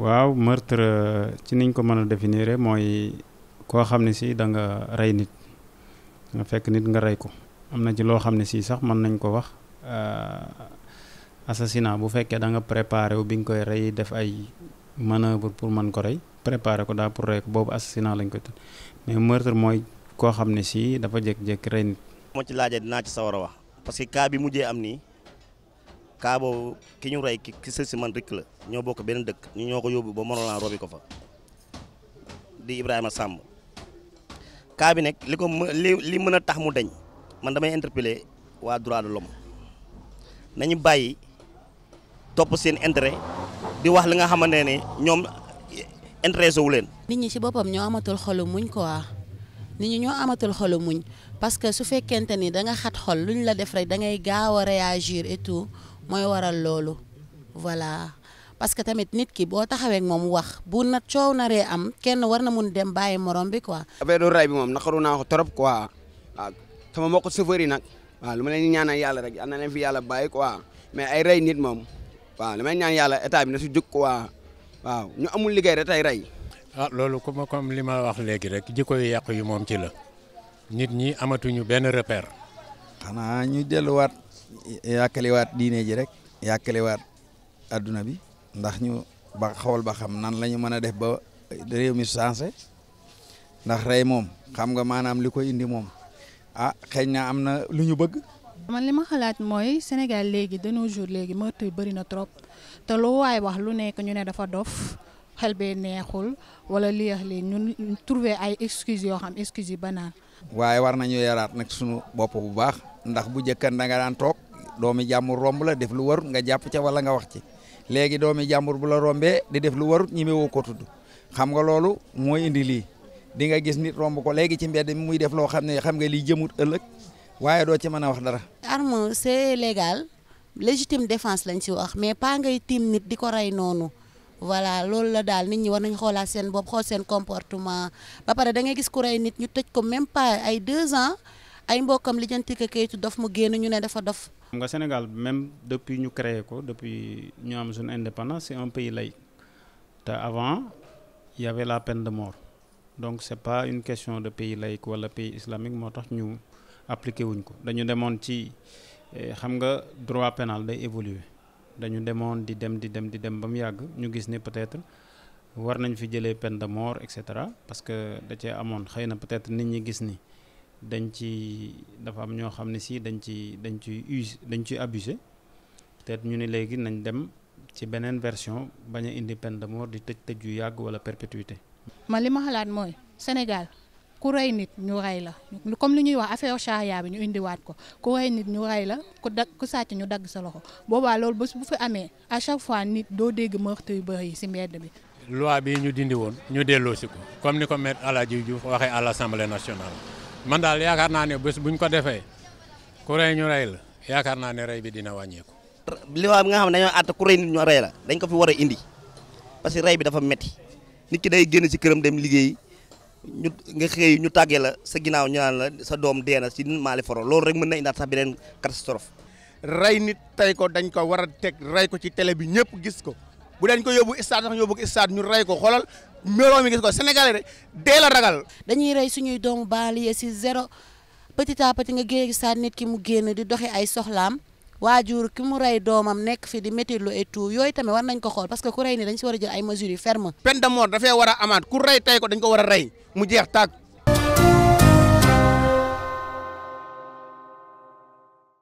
waaw meurtre euh, ci niñ ko mën a définir mooy koo xam ne si da nga rey nit nga fekk nit nga rey ko am na ci loo xam ne sii sax mën nañ ko wax euh, assassinat bu fekkee da nga préparé wu bi nga koy rey def ay manœuvre pour mën ko rey prépare ko daal pour rey ko boobu assassinat lañ koy tudd mais meurtre mooy koo xam ne sii dafa jékki-jékki rey nit. moo ci laajee dinaa ci sawar a wax parce que bi mujjee am nii. kaa boobu ki ñu rey ki ki sës si man rek la ñoo bokk benn dëkk ñu ñoo ko yóbbu ba Morolan robi ko fa di Ibrahima Samb kaa bi nekk li ko li li mën a tax mu deñ man damay interpeller waa droit de l'homme nañu bàyyi topp seen intérêt di wax li nga xamante ne ñoom intéressé wu leen. nit ñi ci boppam ñoo amatul xolu muñ quoi nit ñi ñoo amatul xolu muñ parce que su fekkente ni da nga xat xol luñ la def rek da ngay gaaw a réyagir et mooy waral loolu voilà parce que tamit nit ki boo taxawee moom wax bu na coow naree am kenn war na mun dem bàyyi morom bi quoi. affaire ray bi moom na naqaru naa ko trop quoi waaw sama mbokku chauffeur yi nag waaw lu ma leen ñaanal yàlla rek na leen fi yàlla bàyyi quoi mais ay rey nit moom waaw li may ñaan yàlla état bi na si jóg quoi waaw ñu amul liggéey rek ay rey. ah loolu comme comme li ma wax léegi rek jikko yu yàqu yi moom ci la nit ñi amatuñu benn repère. xanaa ñu delluwaat. yàkkaliwaat diine ji rek yàkkaliwaat adduna bi ndax ñu ba xool ba xam nan la ñu mën a def ba réew mi sansé ndax rey moom xam nga maanaam li ko indi moom ah xëy na am na lu ñu bëgg. man li ma xalaat mooy Sénégal léegi de nos léegi meurtre yi bëri na trop te lu waaye wax lu nekk ñu ne dafa dof xel bee neexul wala li ñu trouver ay excuses yoo xam excuses yi banaan waaye war nañu yaraat nag sunu bopp bu baax ndax bu njëkkan da nga daan toog doomi jàmbur romb la def lu warut nga jàpp ca wala nga wax ci léegi doomi jàmbur bu la rombee di def lu warut ñi woo ko xam nga loolu moo indi lii di nga gis nit romb ko léegi ci mbedd mi muy def loo xam ne xam nga lii jëmut ëllëg waaye doo ci mën a wax dara. arme c'est légal légitime défense lañ ci wax mais pas ngay tiim nit di ko rey noonu. voilà loolu la daal nit ñi war nañ xoolaat seen bopp xool seen comportement ba pare da ngay gis ku nit ñu tëj ko même pas ay deux ans ay mbokkam lijjanti ko kayitu dof mu génn ñu ne dafa dof. xam nga Sénégal même depuis ñu créé ko depuis ñu am suñu indépendance c'est un pays laïque te avant il la peine de mort donc c'est pas une question de pays laïque wala pays islamique moo tax ñu appliqué wuñ ko dañu demoon ci eh, xam nga droit pénal day évoluer. dañu demoon di dem di dem di dem ba mu yàgg ñu gis ne peut-être war nañ fi jëlee peine de et cetera parce que da cee amoon xëy na peut-être nit ñi gis ni dañ ci dafa am ñoo xam ne sii dañ ci dañ ci use dañ ciy abusé peut ñu ni léegi nañ dem ci beneen version bañ a indi peine di tëj tëj yu yàgg wala perpétuité. man li ma xalaat mooy Sénégal. ku rey nit ñu rey la comme li ñuy wax affaire ko ku la ku dag ku sàcc ñu dagg sa loxo boobaa loolu bés bu amee à fois nit doo dégg meurtre yu bëri yi si mbedd bi. loi bi ñu dindi woon ñu delloo si ko comme ni ko maître El Hadji Diouf waxee à l' assemblée nationale man daal yaakaar naa ne bés buñ ko defee ku rey la yaakaar naa ne rey bi dina wàññeeku. loi bi nga xam ne dañoo àtt ku rey nit ñu rey la dañ ko fi war a indi parce rey bi dafa metti nit ki day génn si këram dem liggéey. ñu nga xëy ñu tàggee la sa ginnaaw ñu la sa doom dee na si maali foro loolu rek mën na indaat sa beneen catastrophe. rey nit tey ko dañ ko war a teg rey ko ci télé bi ñëpp gis ko bu dañ ko yóbbu stade sax yóbbu stade ñu rey ko xoolal mbooloo mi gis ko Sénégalais de dee la ragal. dañuy rey suñuy doomu banlieue si zéro petit à petit nga géej stade nit ki mu génn di doxi ay soxlaam. waajur ki mu rey doomam nekk fi di métti lu et tout yooyu tamit war nañ ko xool parce ku rey nii dañ si war a jël ay mesures yu ferme peine de a amaat ku rey tey ko dañ ko war a rey mu jeex tàkk